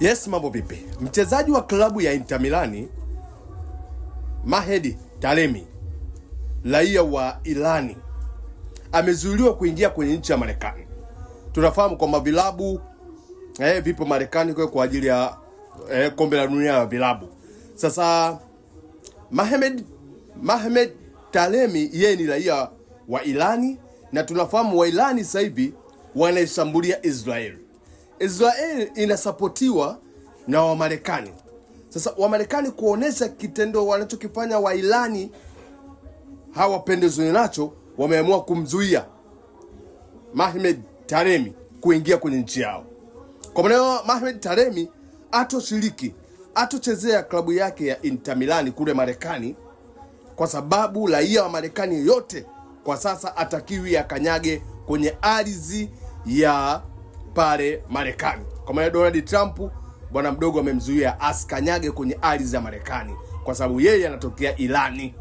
Yes, mambo vipi? Mchezaji wa klabu ya Inter Milani Mahedi Taremi raia wa Irani amezuiliwa kuingia kwenye nchi ya Marekani. Tunafahamu kwamba vilabu eh, vipo Marekani kwa ajili ya eh, kombe la dunia ya vilabu. Sasa Mahmed Mahmed Taremi yeye ni raia wa Irani na tunafahamu Wairani sasa hivi wanaishambulia Israeli. Israel inasapotiwa na Wamarekani. Sasa Wamarekani kuonesha kitendo wanachokifanya Wairani hawapendezwi nacho, wameamua kumzuia Mahmed Taremi kuingia kwenye nchi yao. Kwa maana hiyo Mahmed Taremi atoshiriki atochezea klabu yake ya Inter Milan kule Marekani, kwa sababu raia wa Marekani yote kwa sasa atakiwi akanyage kwenye ardhi ya pale Marekani. Kwa maana Donald Trump bwana mdogo amemzuia asikanyage kwenye ardhi za Marekani kwa sababu yeye anatokea Irani.